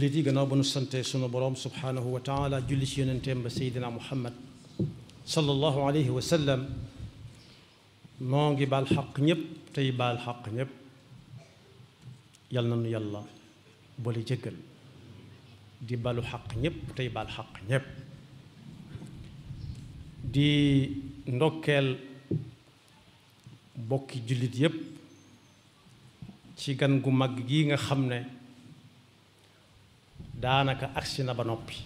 jullit yi gannaaw ba nu sante sunu boroom subhaanahu wa taala julli ci yonenteem ba seydina muhammad sallallahu alayhi wa moo ngi baal xaq ñépp tey baal xaq ñépp yal na yàlla boole jëggal di balu xaq ñépp tey baal xaq ñépp di ndokkeel bokki jullit yépp ci gan gu mag gi nga xam ne daanaka agsi na ba noppi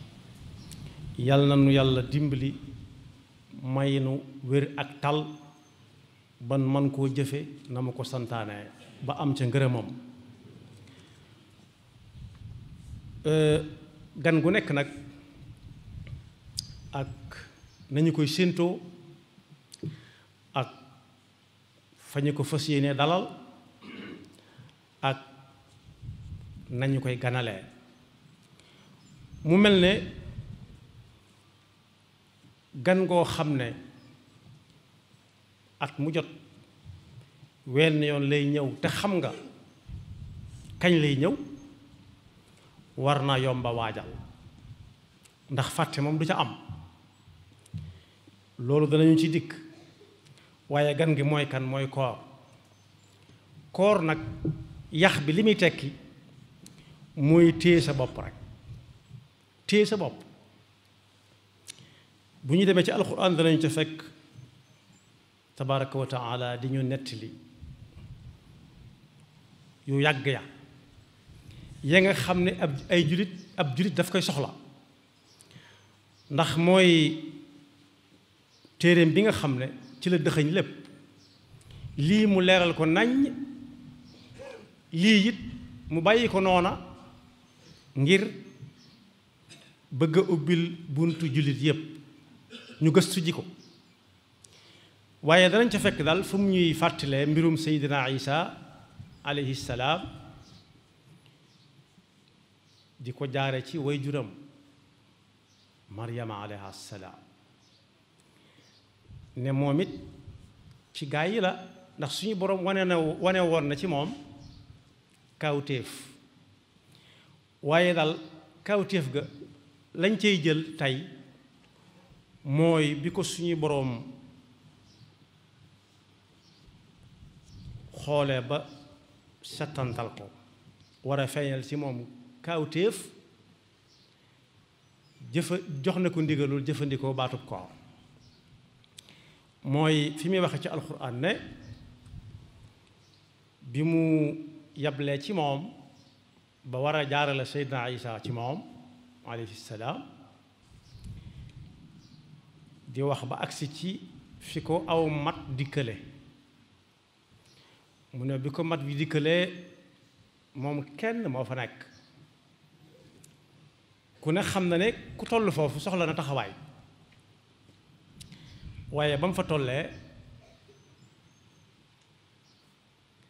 yal na nu yàlla dimbali may nu wér ak tal ban man koo jëfe na mu ko santaane ba am ca ngërëmam euh, gan gu nekk nag ak nañu koy séentoo ak fa ñu ko fas yéene dalal ak nañu koy ganalee mu mel ne gan goo xam ne at mu jot wenn yoon lay ñëw te xam nga kañ lay ñëw war naa yomba waajal ndax fàtte moom du ca am loolu danañu ci dikk waaye gan gi mooy kan mooy koor koor nag yax bi li muy tekki mooy téye sa bopp rek téye sa bopp bu ñu demee ci alxuraan danañu ca fekk tabaraka wa taala di ñu nettali yu yàgg ya ya nga xam ne ab ay julit ab julit daf koy soxla ndax mooy téeréem bi nga xam ne ci la dëxëñ lépp lii mu leeral ko nañ lii it mu bàyyi ko noona ngir bëgg a ubbil buntu jullit yépp ñu gëstu ji ko waaye danañ ca fekk daal fu mu ñuy fàttalee mbirum Seydina Isa alayhi salaam di ko jaare ci way juram Maryama alayha salaam ne moom it ci gaa yi la ndax suñu borom wane na wane woon na ci moom kawtéef waaye daal kawtéef ga lañ cey jël tey mooy bi ko suñu boroom xoolee ba settantal ko war a feeñal ci moom kaawtéef jëfa jox na ko ndigalul jëfandikoo baatub koor mooy fi muy waxe ci alxuraan ne bi mu yablee ci moom ba war a jaarale Seydina Isaa ci moom alayhi salaam di wax ba agsi ci fi ko aw mat dikkale mu ne bi ko mat bi dikkalee moom kenn moo fa nekk ku ne xam na ne ku toll foofu soxla na taxawaay waaye ba mu fa tollee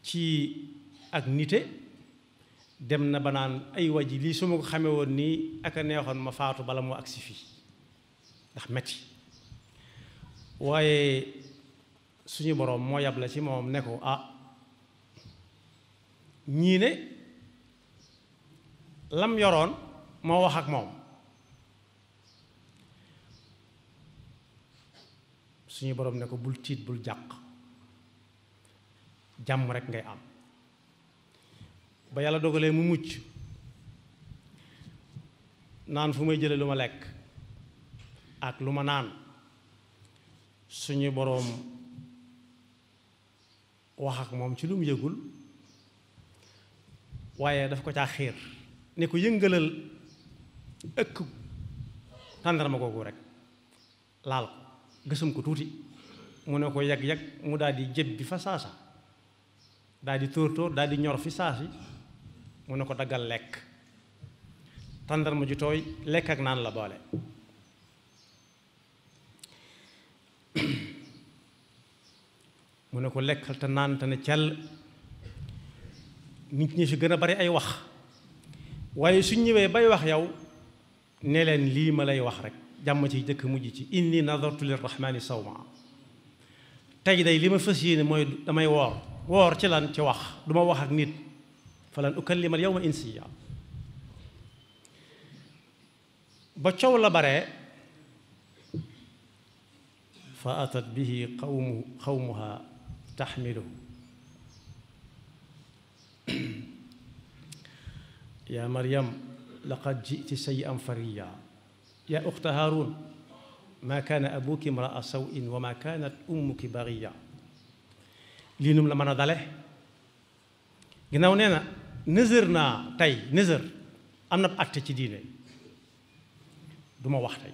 ci ak nite dem na ba naan ay waji lii su ma ko xamee woon nii ak a neexoon ma faatu bala moo agsi fii ndax metti waaye suñu boroom moo yab la ci moom ne ko ah ñii ne lam yoroon moo wax ak moom suñu boroom ne ko bul tiit bul jàq jàmm rekk ngay am ba yàlla dogalee mu mucc naan fu may jële lu ma lekk ak lu ma naan suñu boroom wax ak moom ci lu mu yëgul waaye daf ko caa xiir ne ko yëngalal ëkk tàndarma googu rek laal ko gësum ko tuuti mu ne ko yag-yag mu daldi di bi fa saasa daldi di tóor tóor daal ñor fi saasi mu ne ko daggal lekk tàndarma ju tooy lekk ak naan la boole mu ne ko lekkal te naan te ne cell nit ñi si gën a bari ay wax waaye suñ ñëwee bay wax yow ne leen lii ma lay wax rek jàmm ci jëkk mujj ci inni nadartu lirrahmani sawma tey day li ma fas yéene mooy damay woor woor ci lan ci wax duma wax ak nit falan ukallima al yawma insiya ba coow la bare fa atat bihi qawmu qawmuha taxmiluhu yaa maryam laqad jiti shay'an fariya yaa uxta haarun maa kaana abuki imraa sawin wa maa kaanat ummuki bagiya lii num la mën a dale ginnaaw nee na nësër naa tey nësër am na àtte ci diine duma wax tey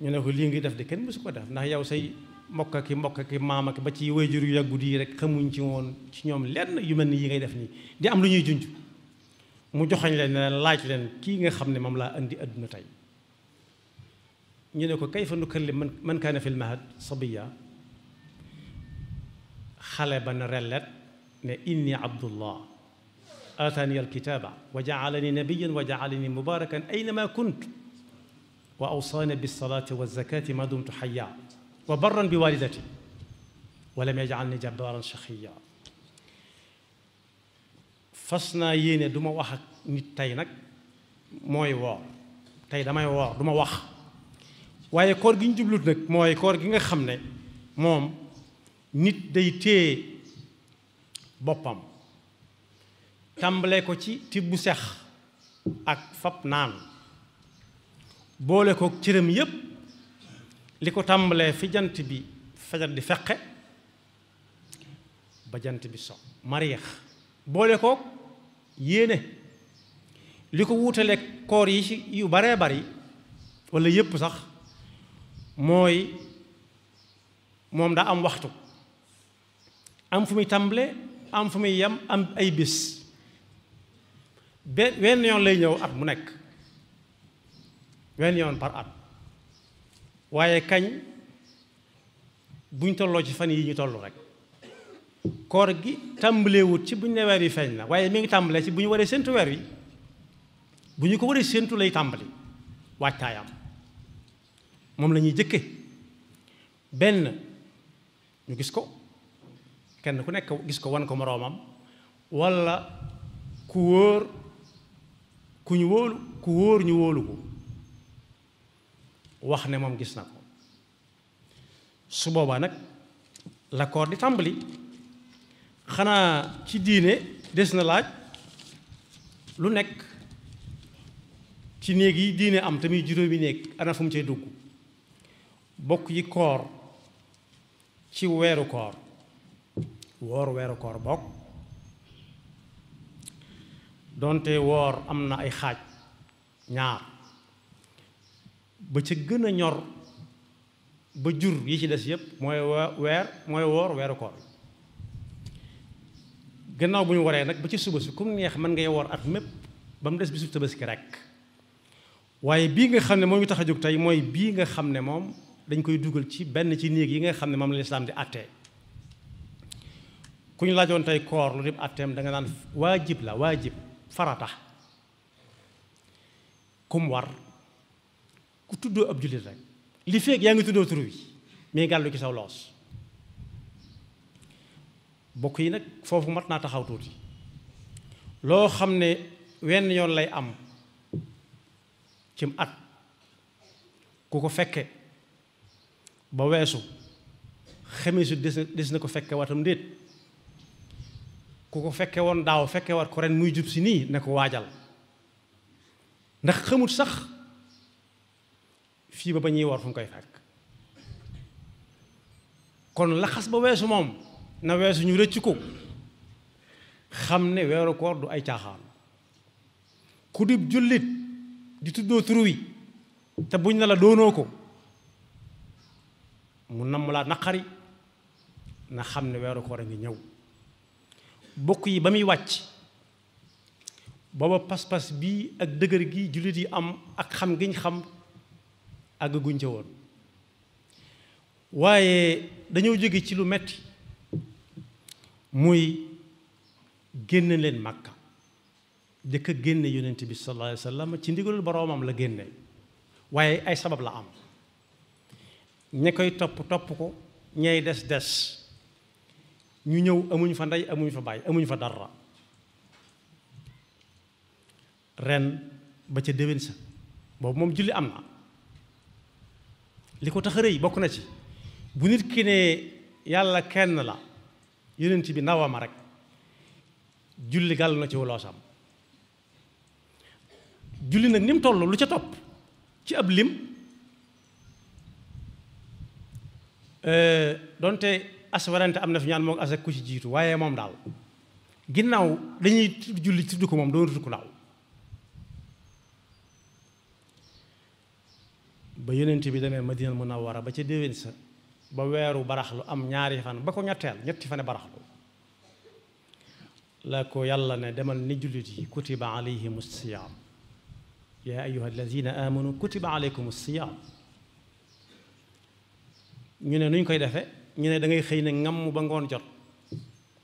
ñu ne ko lii ngi def de kenn su ko def ndax yow say mbokk ak mbokk ak maam ak ba ci wayjur yu yàggu di rek xamuñ ci woon ci ñoom lenn yu mel ni yi ngay def nii di am lu ñuy junj mu joxañ leen ne laaj leen kii nga xam ne moom laa indi àdduna tey ñu ne ko kayfa nukallim man man kaana fil mahad sabiya xale ba na relet ne inni abdullah aatani alkitaba wa jaalani nabiyan wa jaalani mubarakan aynama kunt wa awsaani bilsalati walzakati ma dumtu xaya wa barran bi walidati wa lam yaj'alni jabbaran shaqiya fas naa yéene du ma wax ak nit tey nag mooy woor tey damay woor du ma wax waaye koor gi ñu jublut nag mooy koor gi nga xam ne moom nit day téye boppam tàmbale ko ci tibb sex ak fab naanu boole ko cëram yépp li ko tàmbalee fi jant bi fajar di feqe ba jant bi so mariex boole ko yéene li ko wuutale koor yi yu baree bari walla yépp sax mooy moom daa am waxtu am fu muy tàmbale am fu muy yem am ay bis benn wenn yoon lay ñëw at mu nekk wenn yoon par at waaye kañ buñ tolloo ci fan yi ñu toll rek koor gi tàmbaleewut ci buñ ne weer yi feeñ na waaye mi ngi tàmbalee ci bu ñu waree séntu weer wi bu ñu ko waree séntu lay tàmbali waajtaayam moom lañuy ñuy jëkke benn ñu gis ko kenn ku nekk gis ko wan ko moroomam walla ku wóor ku ñu wóolu ku wóor ñu wóolu ko wax ne moom gis na ko su boobaa nag la koor di tàmbali xanaa ci diine des na laaj lu nekk ci néeg yi diine am tamit juróomi néeg ana fu mu dugg bokk yi koor ci weeru koor woor weeru koor bokk doonte woor am na ay xaaj ñaar ba ca gën a ñor ba jur yi ci des yépp mooy weer mooy woor weeru koor gannaaw bu ñu waree nag ba ci suba si kum neex mën ngay woor at mépp ba mu des bisu tabaski rekk waaye bii nga xam ne moom ngi tax a jóg tey mooy bii nga xam ne moom dañ koy dugal ci benn ci néeg yi nga xam ne moom la lislaam di àttee ku ñu laajoon tey koor lu dib atteem da nga naan waajib la waajib farata kum war ku tuddoo ab jullit rek li feeg yaa ngi tuddoo tur wi mi gàllu ci saw loos bokk yi nag foofu mat naa taxaw tuuti loo xam ne wenn yoon lay am cim at ku ko fekke ba weesu xamisu des na ko fekke watam ndéet ku ko fekkee woon daaw fekkee war ko ren muy jub si nii ne ko waajal ndax xamut sax fii ba ba ñuy war fu koy fekk kon laxas ba weesu moom na weesu ñu rëcc ko xam ne weeru koor du ay caaxaan ku dib jullit di tuddoo tur te buñ na la doonoo ko mu namm laa naqari na xam ne weeru koor a ngi ñëw bokk yi ba muy wàcc booba pas-pas bii ak dëgër gi jullit yi am ak xam giñ xam àgg guñ ca woon waaye dañoo jóge ci lu metti muy génn leen màkka dëkk a génne yonent bi sallallahu alayhi ci ndigalul boroomam la génne waaye ay sabab la am ña koy topp topp ko ñay des des ñu ñëw amuñ fa ndey amuñ fa bàyyi amuñ fa dara ren ba ca déwén sa boobu moom julli am na li ko tax a rëy bokk na ci bu nit ki ne yàlla kenn la yonent bi nawama rek julli gàll na ci woloosam julli nag ni mu toll lu ca topp ci ab lim euh, donte as warante am na fi ñaan moom as ak ku ci jiitu waaye moom daal ginnaaw dañuy julli tudd ko moom doon tudd ko ndaw ba yonent bi demee Madinal Munawwara ba ca déwén sa ba weeru baraxlu am ñaari fan ba ko ñetteel ñetti fane baraxlu la ko yàlla ne demal ni jullit yi kutiba alayhim siyaam yaa ayuha alladina amanu kutiba alaykum siyaam ñu ne nuñ koy defe ñu ne da ngay xëy ne ngam ba ngoon jot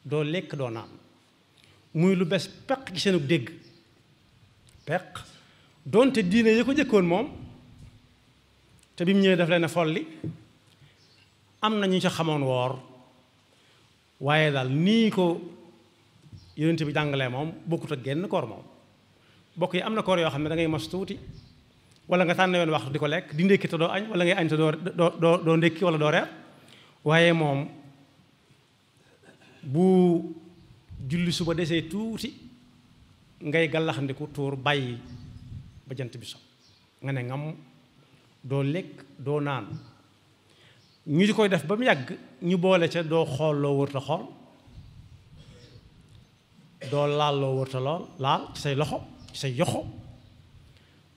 doo lekk doo naan muy lu bes peq ci seenug dégg peq doonte diine yi ko jëkkoon moom te bi mu ñëwee daf leen a folli am na ñu ca xamoon woor waaye daal nii ko yonent bi jàngalee moom bokkut ak genn koor moom bokk yi am na koor yoo xam ne da ngay mos tuuti wala nga tànn ween waxtu di ko lekk di ndékki te doo añ wala ngay añ te doo doo doo doo reer waaye moom bu julli suba desee tuuti ngay gàllaxandiku tuur bàyyi ba jant bi so nga ne ngam doo lekk doo naan ñu di koy def ba mu yàgg ñu boole sa doo xool loo wërta xool doo laal loo wërta lool laal ci say loxo ci say yoxo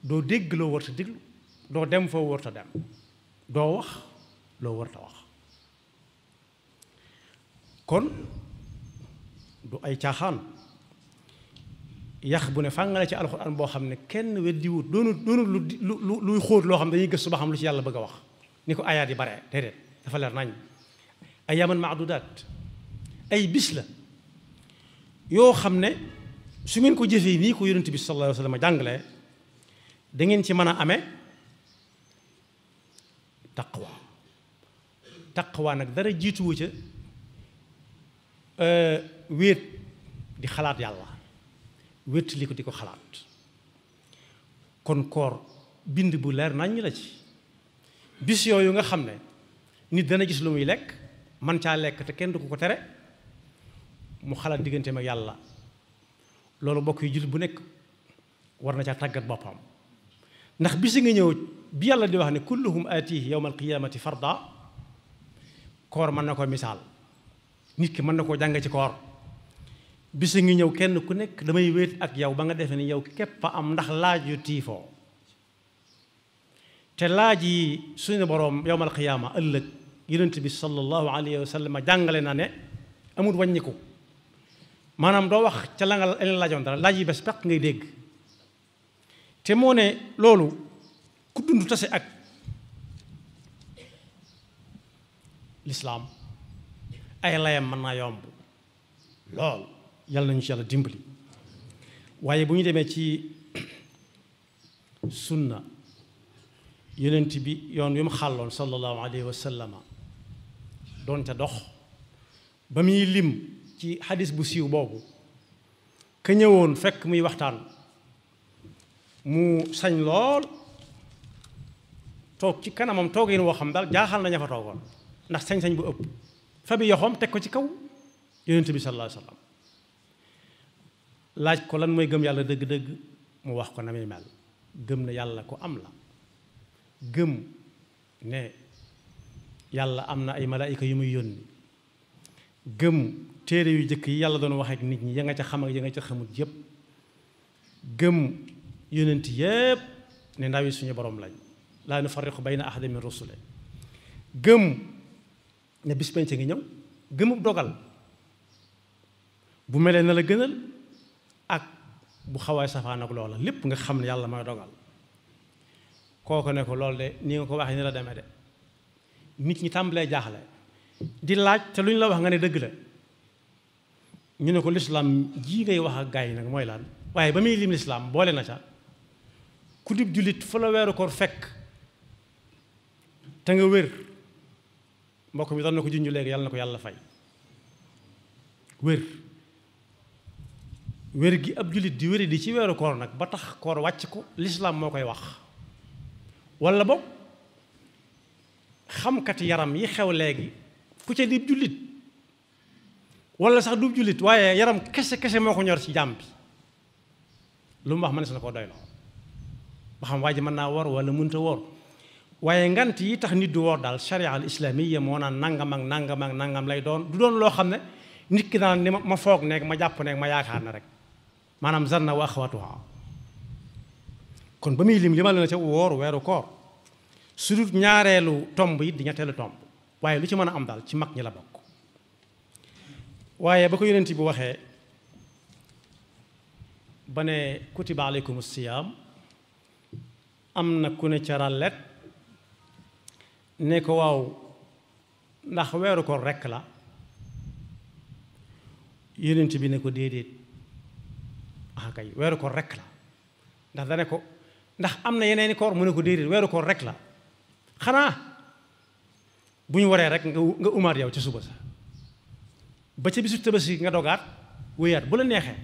doo dégg loo wërta déglu doo dem foo wërta dem doo wax loo wërta wax kon du ay caaxaan yax bu ne fàngale ci alxuraan boo xam ne kenn weddiwut doonul doonul lu luy xóot loo xam dañuy gëstu ba xam lu ci yàlla bëgg a wax ni ko ayaat yi bare déedéet dafa leer nañ ayaaman maadudaat ay bis la yoo xam ne su ngeen ko jëfee nii ko yonent bi sallallahu alayhi wa sallam jàngale da ngeen ci mën a amee taqwa taqwa nag dara jiituwu ca Euh, wéet di xalaat yàlla wéet li ko di ko xalaat kon koor bind bu leer naññ la ci bis yooyu nga xam ne nit dana gis lu muy lekk man caa lekk te kenn du ko ko tere mu xalaat diggante ak yàlla loolu bokk yi jullit bu nekk war na caa tàggat boppam ndax bisi nga ñëw bi yàlla di wax ne kulluhum aatihi yawma alqiyamati farda koor mën na ko misaal nit ki mën na koo jànge ci koor bis ngi ñëw kenn ku nekk damay wéet ak yow ba nga defee ni yow képp a am ndax laaj yu tiifoo te laaj yi suñu boroom yowmal xiyaama ëllëg yonent bi sallallahu alayhi wa sallam jàngale na ne amul wàññiku maanaam doo wax ca la nga laajoon dara laaj yi bés peq ngay dégg te moo ne loolu ku dund tase ak lislaam ay layam mën naa yomb lool yàlla nañu ci yàlla dimbali waaye bu ñu demee ci sunna yonent bi yoon wi mu xàlloon sallallahu alayhi wa sallama doonte dox ba muy lim ci xadis bu siiw boobu ka fekk muy waxtaan mu sañ lool toog ci kanamam toogin woo xam daal jaaxal na ña fa toogoon ndax sañ-sañ bu ëpp fabi yoxoom teg ko ci kaw yonent bi sallallahu alayhi wa laaj ko lan mooy gëm yàlla dëgg-dëgg mu wax ko na muy mel gëm na yàlla ko am la gëm ne yàlla am na ay malaayika yu muy yónni gëm téere yu jëkk yi yàlla doon wax ak nit ñi ya nga ca xam ak ya nga ca xamut yépp gëm yonent yépp ne ndaw yi suñu borom lañ laa nufarriqu bayna ahadin min rusule gëm ne bis penc ngi ñëw gëmub dogal bu melee na la gënal ak bu xawaay safaan ak loola lépp nga xam ne yàlla mooy dogal kooku ne ko loolu de nii nga ko waxee ni la demee de nit ñi tàmbalee jaaxle di laaj te lu ñu la wax nga ne dëgg la ñu ne ko lislaam jii ngay wax ak gaa yi nag mooy lan waaye ba muy lim lislaam boole na ca ku dib jullit fa la weeru koor fekk te nga wér mbokk mi doon na ko junj léegi yàlla na ko yàlla fay wér wér gi ab jullit di wéri di ci weeru koor nag ba tax koor wàcc ko lislaam moo koy wax walla boog xamkat yaram yi xew léegi ku ca di jullit wala sax du jullit waaye yaram kese kese moo ko ñor ci jàmm bi lu mu wax mënees na koo doy loo ba xam waa ji mën naa wor wala mënta wor waaye ngant yi tax nit du woor daal charia al islamiyya moo naan nangam ak nangam ak nangam lay doon du doon loo xam ne nit ki naan ni ma foog nekk ma jàpp nekk ma yaakaar na rek maanaam zanna wa axwatuha kon ba muy lim li ma leen ca woor weeru koor su dul ñaareelu tomb yi di ñetteelu tomb waaye lu ci mën a am daal ci mag ñi la bokk waaye ba ko yonent bi waxee ba ne kutiba aleykum siyaam am na ku ne ca ràllet ne ko waaw ndax weeru ko rekk la yonent bi ne ko déedéet ah kay weeru koor rekk la ndax dane ko ndax am na yeneeni koor mu ne ko déedéet weeru koor rekk la xanaa bu ñu waree rek nga nga umaat yow ci suba sa ba ca bisu tabaski nga dogaat wéyaat bu la neexee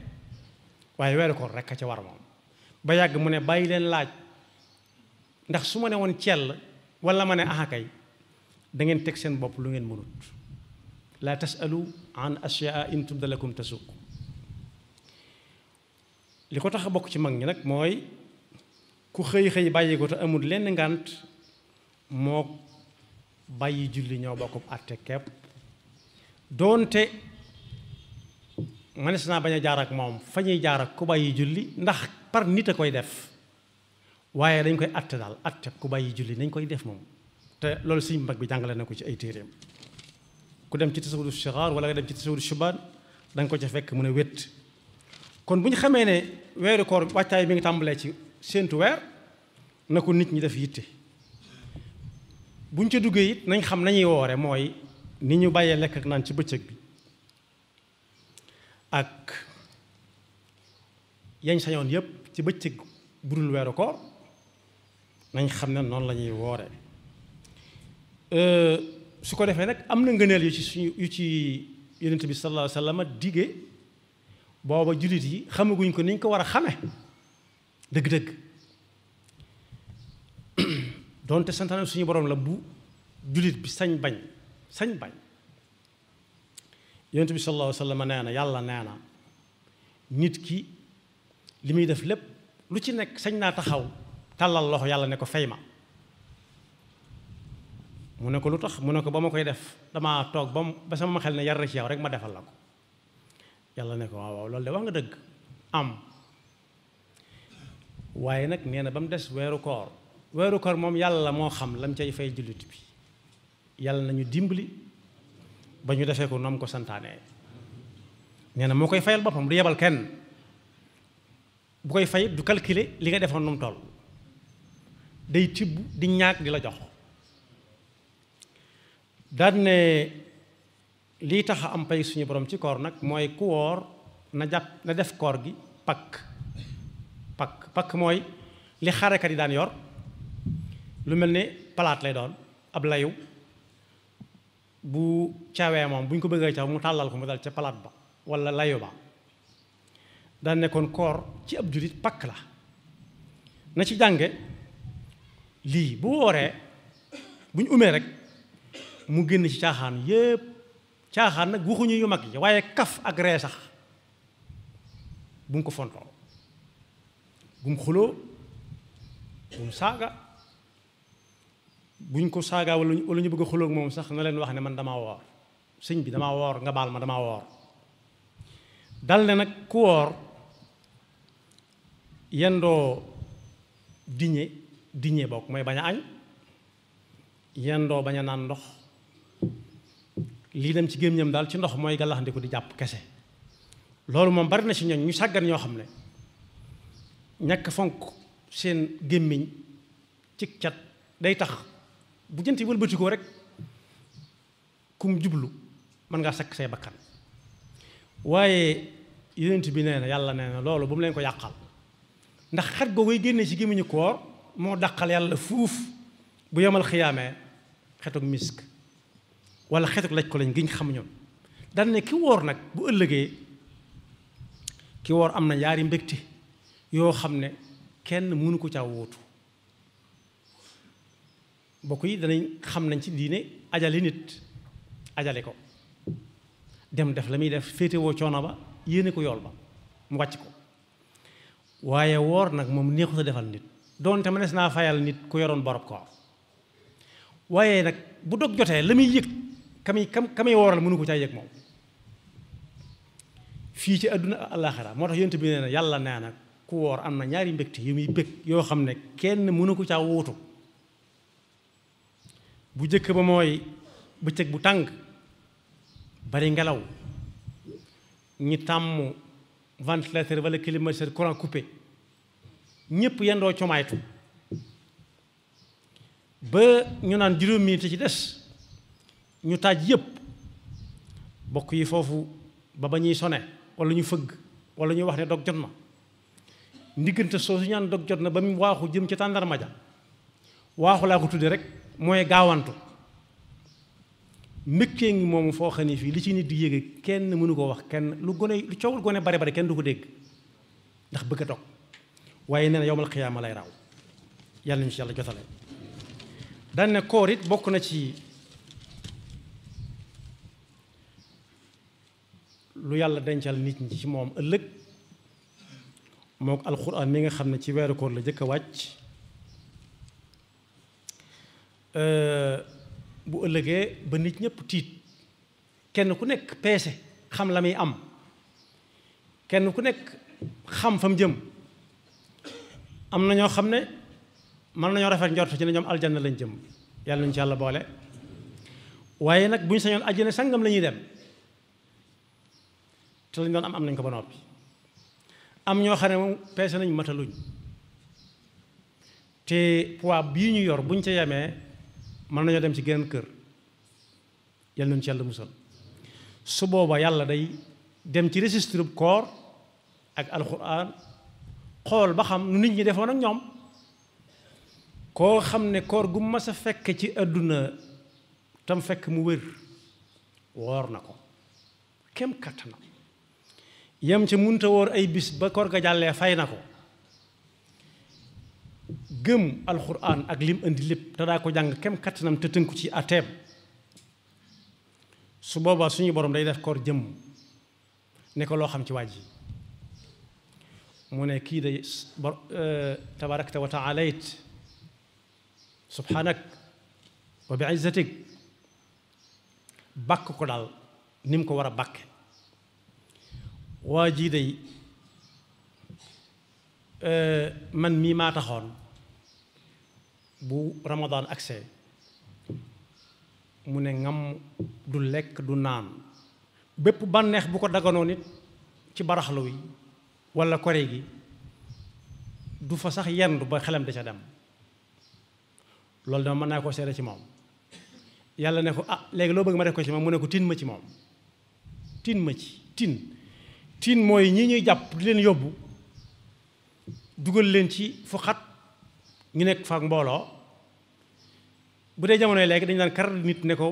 waaye weeru koor rekk a ca war moom ba yàgg mu ne bàyyi leen laaj ndax su ma ne woon cell wala ma ne axakay da ngeen teg seen bopp lu ngeen mënut laa tasalu an ashyaa in tubdalakum tasuk li ko tax a bokk ci mag ñi nag mooy ku xëy xëy bàyyi ko te amul lenn ngànt moo bàyyi julli ñoo bokkub àtte kepp doonte mënees naa bañ a jaar ak moom fa ñuy jaar ak ku bàyyi julli ndax par nit a koy def waaye dañ koy atte daal atte ku bàyyi julli nañ koy def moom te loolu suñu mbag bi jàngale na ko ci ay téeréem ku dem ci tasawudu sigaar wala nga dem ci tasawudu shubaan da nga ko ca fekk mun a wét kon bu ñu xamee ne weeru koor wàccaay bi nga tàmbalee ci séentu weer na ko nit ñi def yitte bu ñu ca duggee it nañ xam nañuy woore mooy ni ñu bàyyee lekk ak naan ci bëccëg bi ak yañ sañoon yépp ci bëccëg budul weeru koor nañ xam ne noonu lañuy ñuy woore euh, su ko defee nag am na ngëneel yu ci suñu yu ci yonent bi sallallahu alayhi wa sallam booba jullit yi xamaguñ ko niñ ko war a xame dëgg-dëgg donte santaane suñu borom la bu jullit bi sañ bañ sañ bañ yonent bi sallallahu alayhi wa sallam nee yàlla nee na nit ki li muy def lépp lu ci nekk sañ naa taxaw tàllal loxo yàlla ne ko fay ma mu ne ko lu tax mu ne ko ba ma koy def damaa toog ba ba sama xel ne yar ci yow rek ma defal la ko yàlla ne ko waaw waaw loolu de wax nga dëgg am waaye nag nee na ba mu des weeru koor weeru koor moom yàlla moo xam lam cay fay jullit bi yàlla nañu dimbali ba ñu defee ko noom ko santaane nee moo koy fayal boppam du yebal kenn bu koy fay du calculer li nga defoon nu mu toll day tibb di ñaag di la jox daan ne lii tax am pay suñu borom ci koor nag mooy ku woor na jàpp na def koor gi pakk pakk pakk mooy li xarekat yi daan yor lu mel ni palaat lay doon ab layu bu caawee moom bu ñu ko bëggee caw mu tàllal ko mu dal ca palaat ba walla layu ba daan ne kon koor ci ab julit pakk la na ci jànge lii bu wooree bu ñu umee rek mu génn ci caaxaan yépp caaxaan nag waxuñu yu mag yi waaye kaf ak ree sax bu mu ko fontoo bu mu xuloo bu mu saaga buñ ko saagaa wala wala ñu bëgg a xuloo moom sax na leen wax ne man dama woor sëñ bi damaa woor nga baal ma damaa woor dal ne nag ku woor yendoo diñe diñee bokk mooy bañ a añ yendoo bañ a naan ndox lii dem ci gémmiñam daal ci ndox mooy gàllaxandiku di jàpp kese loolu moom bari na ci ñoom ñu sàggan ñoo xam ne ñakk fonk seen gémmiñ cig cat day tax bu jënt yi wëlbatikoo rek kum jublu mën ngaa sakk say bakkan waaye yonent bi nee na yàlla nee na loolu bu mu leen ko yàqal ndax xet googu yi génnee ci gémmiñu koor moo dàqal yàlla fuuf bu yomal xiyaamee xetuk misk wala xetuk laj ko lañ giñ xam ñoom daan ne ki woor nag bu ëllëgee ki woor am na ñaari mbégte yoo xam ne kenn mënu ko caa wóotu bokk yi danañ xam nañ ci diine ajale nit ajale ko dem def la muy def féetewoo coono ba yéene ko yool ba mu wàcc ko waaye woor nag moom neexut a defal nit doonte ma des naa fayal nit ku yoroon borob koor waaye nag bu dog jotee la muy yëg kami kam kami wooral mënu ko caa yëg moom fii ci àdduna àllaaxira moo tax yonent bi nee yàlla nee na ku woor am na ñaari mbégte yu muy bég yoo xam ne kenn mënu ko caa wóotu bu jëkk ba mooy cëg bu tàng bari ngelaw ñi tàmm ventilateur wala climatiseur courant coupé ñëpp yendoo comaaytu ba ñu naan juróom minute ci des ñu taaj yëpp bokk yi foofu ba ba ñuy sone wala ñu fëgg wala ñu wax ne dog jot ma ndiggante soo su ñaan dog jot na ba mu waaxu jëm ci tàndarma ja waaxu laa ko tudde rek mooy gaawantu mbëkkee ngi moomu foo xam ne fii li ci nit di yéege kenn mënu ko wax kenn lu gone lu coowul gone bare bare kenn du ko dégg ndax bëgg a dog waaye nee na yowmal xiyaama lay raw yàlla ñu ci yàlla jotale daan koor it bokk na ci lu yàlla dencal nit ñi ci moom ëllëg moo ko alxuraan mi nga xam ne ci weeru koor la jëkk a wàcc bu ëllëgee ba nit ñëpp tiit kenn ku nekk peese xam la muy am kenn ku nekk xam fa mu jëm am na ñoo xam ne mën nañoo rafet njort ci ne ñoom aljanna lañ jëm yàlla nañu ci yàlla boole waaye nag bu ñu sañoon àjjana sangam la ñuy dem te lañ doon am am nañ ko ba noppi am ñoo xam ne moom peese nañ mataluñ te poids bii ñu yor buñ ca yemee mën nañoo dem ci geneen kër yàlla nañu ci yàlla musal su booba yàlla day dem ci registre koor ak alquran xool ba xam nu nit ñi defoon ak ñoom koo xam ne koor gu masa fekk ci àdduna tam fekk mu wér woor na ko kem kattanam yam ca munta woor ay bis ba koor ga jàllee fay na ko gëm alxuraan ak lim indi lépp te daa ko jàng kem kattanam te tënku ci ateem su boobaa suñu borom day def koor jëmm ne ko loo xam ci waaj yi mu ne kii day e, tabarakta wa taalait subhanak wa bi izzatik bàkk ko daal ni mu ko war a bàkke waa jii day e, man mii maa taxoon bu ramadaan agsee mu ne ngam du lekk du naan bépp bànneex bu ko daganoon it ci baraxlu wi wala kore gi du fa sax yendu ba xelam da ca dem loolu dama mën naa koo seere ci moom yàlla ne ko ah léegi loo bëgg ma def ko ci moom mu ne ko tin ma ci moom tin ma ci tin tin mooy ñii ñuy jàpp di leen yóbbu dugal leen ci fu xat ñu nekk fa ak mbooloo bu dee jamonoy léegi dañu daan kar nit ne ko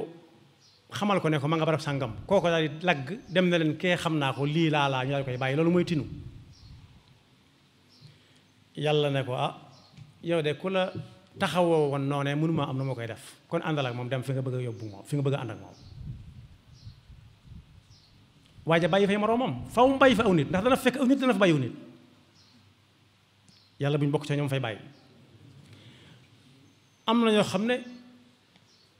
xamal ko ne ko ma nga barab sàngam kooko daal di lagg dem na leen kee xam naa ko lii laa laa ñu daal koy bàyyi loolu mooy tinu yàlla ne ko ah yow de ku la taxawoo woon noonee mënumaa am na ma koy def kon àndal ak moom dem fi nga bëgg a yóbbu moom fi nga bëgg a ànd ak moom waaja bàyyi fay moroomam faw mu bàyyi fa aw nit ndax dana fekk aw nit dana fa bokk ca ñoom fay bàyyi am na ñoo xam ne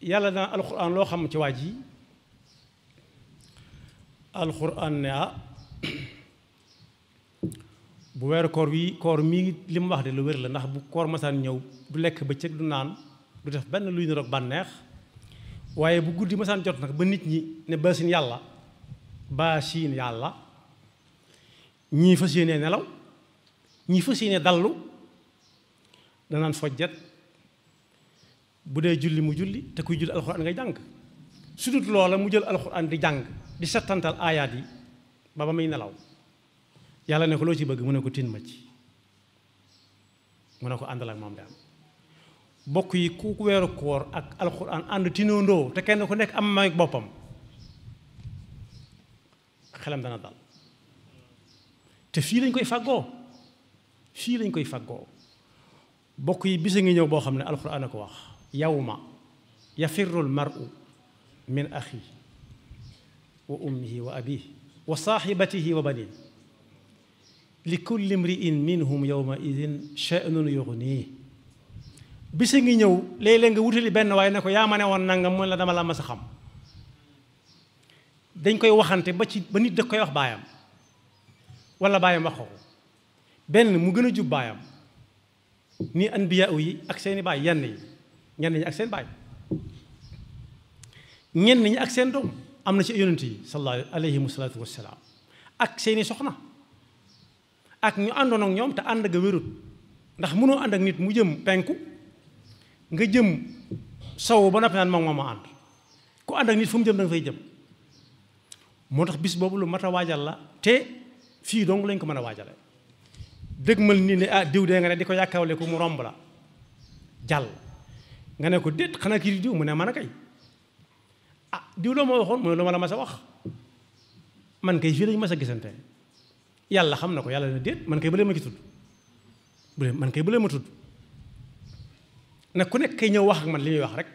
yàlla dana alxuraan loo xam ci waaj yi alxuraan ne ah bu weeru koor wi koor mii li mu wax de lu wér la ndax bu koor masaan ñëw du lekk bëccëg du naan du def benn luy niroog bànneex waaye bu guddi masaan jot nag ba nit ñi ne baasin yàlla baasiin yàlla ñii fas yéenee nelaw ñii fas yéenee dallu danaan fojjet bu dee julli mu julli te kuy julli alxuraan ngay jàng su loola mu jël alxuraan di jàng di settantal aayaat yi ba ba muy nelaw yàlla ne ko loo ci bëgg mu ne ko tin ma ci mu ne ko àndal ak moom daam bokk yi ku weeru koor ak alxuraan ànd tinoondoo te kenn ku nekk am may boppam xelam dana dal te fii lañ koy faggoo fii lañ koy faggoo bokk yi bisa ngi ñëw boo xam ne alxuraan a ko wax yawma yafirul mar'u min axi wa ummihi wa abihi wa saaxibatihi wa baniin li kulli mriin minhum yowma idin chanun yugnii bisa ngi ñëw léeg nga wutali benn waaye ne ko yaa ma ne woon nanga mën la dama la mas a xam dañ koy waxante ba ci ba nit da koy wax baayam wala baayam wax ko benn mu gën a jub baayam ni anbiya yi ak seeni baay yenn yi ñenn ñi ak seen baay ñenn ñi ak seen doom am na ci yonent yi sallallahu alayhi salaam ak seeni soxna ak ñu àndoon ak ñoom te ànd ga wérut ndax mënoo ànd ak nit mu jëm penku nga jëm sowu ba noppi naan moom ma ànd ku ànd ak nit fu mu jëm da nga fay jëm moo tax bis boobu lu mat a waajal la te fii dong lañ ko mën a waajale dëgmal ni ne ah diw dee nga ne di ko yàkkawle ku mu romb la jàll nga ne ko déet xanaa kii diw mu ne man a kay ah diw loo ma waxoon mu ne lu ma la mas a wax man kay fii lañu mas a gisante yàlla xam na ko yàlla na déet man kay bu leen ma ci tudd bu leen man kay bu ma tudd nag ku nekk kay ñëw wax ak man li muy wax rek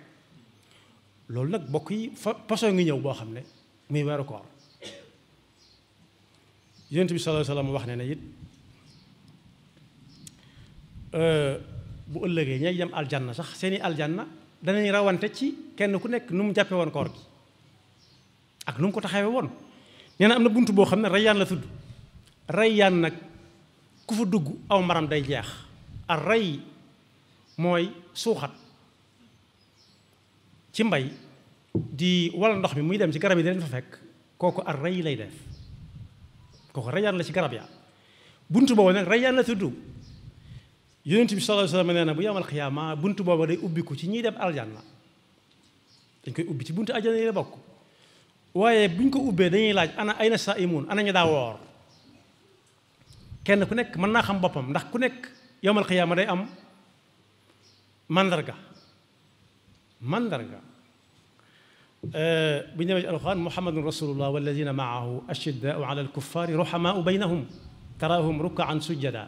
loolu nag bokk yi fa façon ngi ñëw boo xam ne muy weeru koor yonent bi sallallahu alayhi wasallam wax ne ne it euh, bu ëllëgee ñay dem aljana sax seeni aljanna danañ rawante ci kenn ku nekk nu mu jàppe woon koor gi ak nu mu ko taxawee woon nee na am na bunt boo xam ne rayaan la tudd rayyaan nag ku fa dugg aw maram day jeex ar ray mooy suuxat ci mbay di wal ndox mi muy dem ci garab yi di leen fa fekk kooku ar ray lay def kooku rayyaan la ci garab ya buntu boobu nag rayyaan la tudd yonent bi sallallahu alayhi wasallam nee bu yawmal xiyaama buntu boobu day ubbiku ci ñiy dem aljanna dañ koy ubbi ci buntu aljanna bokk waaye buñ ko ubbee dañuy laaj ana ayna saa'imuun ana ñu daa woor kenn ku nekk mën naa xam boppam ndax ku nekk yowmal xiyaama day am mandarga mandarga bu ñëwee ci alxuraan muhammadun rasulullah walladina maahu ashiddaau ala alkuffaari ruhamaau baynahum taraahum rukaan sujjada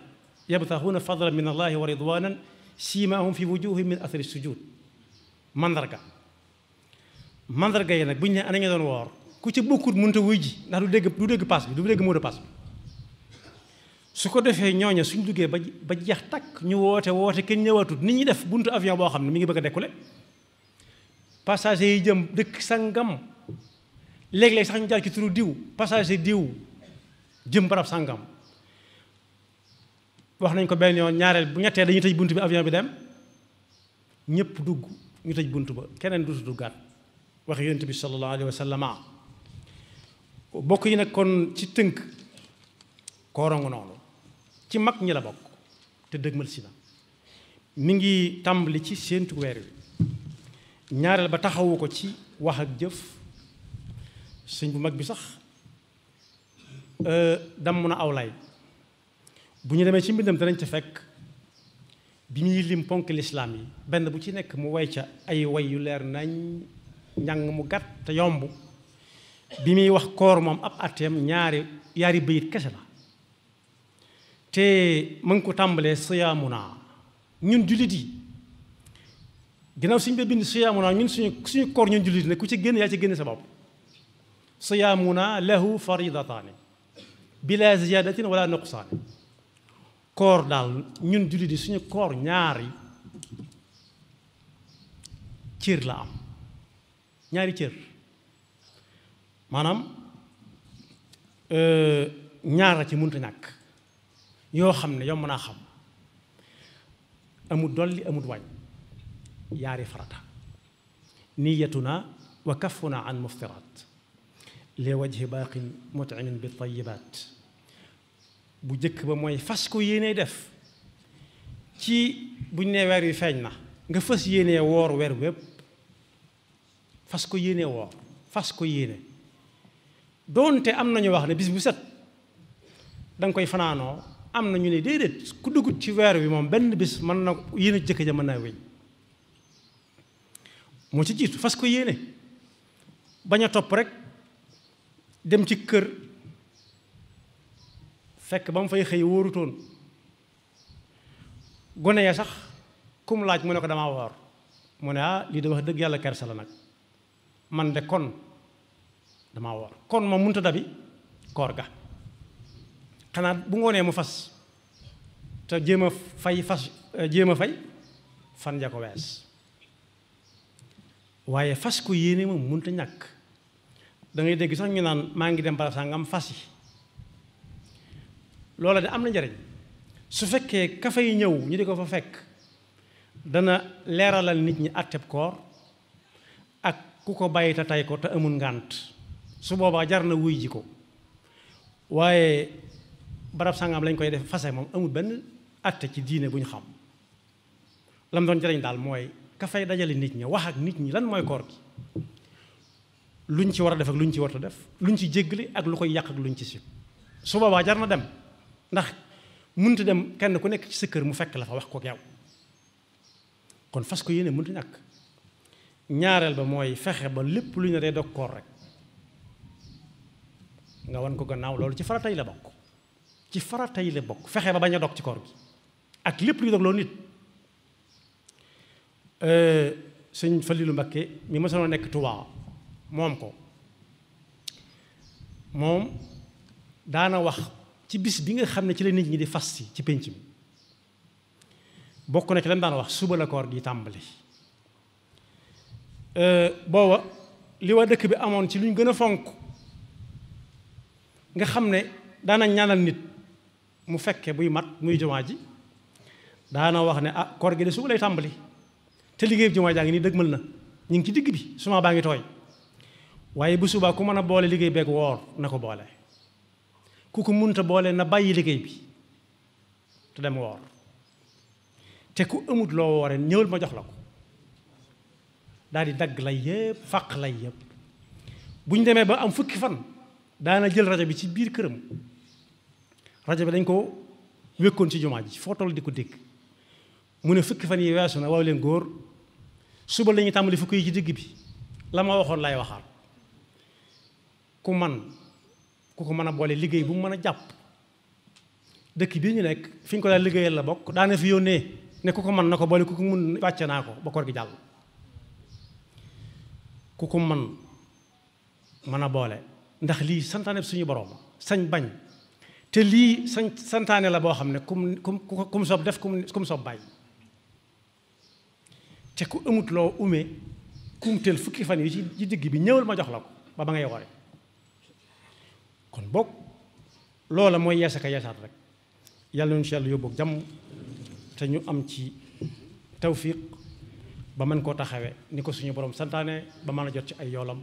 yabtaxuuna fadlan min allahi wa ridwanan siimaahum fi wujuhim min athari sujud mandarga mandarga yi nag bu ñu ne ana ñu doon woor ku ci bokkut mënut a wuy ji ndax du dégg du dégg paas bi du dégg mot de passe bi su ko defee ñooña suñu duggee ba ba jeex takk ñu woote woote kenn ñëwaatut nit ñi def buntu avion boo xam ne mu ngi bëgg a décoller passage yi jëm dëkk sangam léeg-léeg sax ñu jaar ci turu diw passager diw jëm barab sàngam wax nañ ko benn yoon ñaareel bu ñettee dañuy tëj bunt bi avion bi dem ñëpp dugg ñu tëj bunt ba keneen dutu duggaat wax yonent bi sallallahu alayhi wa sallam bokk yi nag kon ci tënk koorongu noonu ci mag ñi la bokk te dëgmal si na mi ngi tàmbali ci séentu weer wi ñaareel ba taxawu ko ci wax ak jëf sëñ bu mag bi sax euh, damm na awlaay bu ñu demee ci mbindam danañ ca fekk bi muy lim ponk lislaam yi benn bu ci nekk mu way ca ay way yu leer nañ njàng mu gàtt te yomb bi muy wax koor moom ab àtteem ñaari yaari bëyit kese la te man ko tàmbalee siyaamunaa ñun jullit yi ginnaaw suñ ba bind siyaamunaa ñun suñu suñu koor ñun jullit ne ku ci génn yaa ci génn sa bopp siyaamunaa lahu faridataani bila ziyadatin wala nuqsaani koor daal ñun jullit yi suñu koor ñaari cër la am ñaari cër maanaam euh, ñaar la ci mënta ñàkk yoo xam ne yomb a xam amut dolli amut wañ yaari farata niyatuna wa kafuna an muftiraat li wajhi baaqin mutimin bi tayibaat bu jëkk ba mooy fas ko yéenee def ci buñ ne weer wi feeñ na nga fas yéenee woor weer wépp fas ko yéenee woor fas ko yéene doonte am nañu wax ne bis bu set danga koy fanaanoo am na ñu ne déedéet ku dugg ci weer wi moom benn bis man na yéen a jëkk ja mën naa weñ moo ci jiitu fas ko yéene bañ a topp rek dem ci kër fekk ba mu fay xëy wóorutoon gone ya sax ku laaj mu ne ko damaa woor mu ne ah lii de wax dëgg yàlla kersa la nag man de kon dama woor kon moom munta dabi koor ga xanaa bu ngoonee mu fas te jéem a fay fas eh, jéem a fay fan ja ko wees waaye fas ko yéene moom mënut a ñàkk dangay dégg sax ñu naan maa ngi dem barab sàngam fas yi loola de am na njariñ su fekkee ka yi ñëw ñu di ko fa fekk dana leeralal nit ñi àtteb koor ak ku ko bàyyi te tay ko te amul ngànt su boobaa jar na wuy ji ko waaye barab sàngam lañ koy def fase moom amul benn atte ci diine bu ñu xam lam doon jëriñ daal mooy kafay dajale nit ñi wax ak nit ñi lan mooy koor gi luñ ci war a def ak luñ ci warta def luñ ci jéggli ak lu koy yàq luñ ci si su boobaa jar na dem ndax mënut dem kenn ku nekk ci sa kër mu fekk la fa wax kook yow kon fas ko yéene mënut ñàkk ñaareel ba mooy fexe ba lépp lu ñu ne dee dog koor rek nga wan ko gannaaw loolu ci faratay la bokk ci farata la bokk fexe ba bañ a dog ci koor gi ak lépp lu dog loo nit euh, sëñ Falilu Mbakke mi mësoon nekk Tuubaa moom ko moom daana wax ci bis bi nga xam ne ci la nit ñi di fas si ci pénc mi bokk na ci lan daan wax suba la koor gi tàmbali euh, booba li waa dëkk bi amoon ci lu ñu gën a fonk nga xam ne daana ñaanal nit mu fekke buy mat muy jumaa ji daana wax ne ah koor gi de suba lay tàmbali te liggéey jumaa jaa ngi nii dëgmal na ñu ngi ci digg bi suma baa ngi tooy waaye bu subaa ku mën a boole liggéey beeg woor na ko boole ku ko munta boole na bàyyi liggéey bi te dem woor te ku amut loo woore ñëwal ma jox la ko daal di dagg lay yëpp fàq lay yëpp bu ñu demee ba am fukki fan daana jël rajo bi ci biir këram rajo bi dañ ko wékkoon ci jumaa ji foo toll di ko dégg mu ne fukki fan yi weesu na waaw leen góor suba la tàmbali fukki yi ci dégg bi la ma waxoon laay waxaat ku man ku ko mën a boole liggéey bu mu mën a jàpp dëkk bii ñu nekk fi ñu ko daal liggéeyal la bokk daana fi yónnee ne ku ko mën na ko boole ku ko mun wàcce naa ko ba koor gi jàll ku ko man mën a boole ndax lii santaane suñu borom sañ bañ te lii san santaane la boo xam ne kum kum kum soob def kum kum soob bàyyi te ku amut loo ume kumteel fukki fan yi ci digg bi ñëwal ma jox la ko ba ba ngay woore kon boog loola mooy yeesa ka yeesaat rek yàlla nañu ci yàlla yóbbu jàmm te ñu am ci tawfiq ba mën koo taxawee ni ko suñu boroom santaane ba mën a jot ci ay yoolam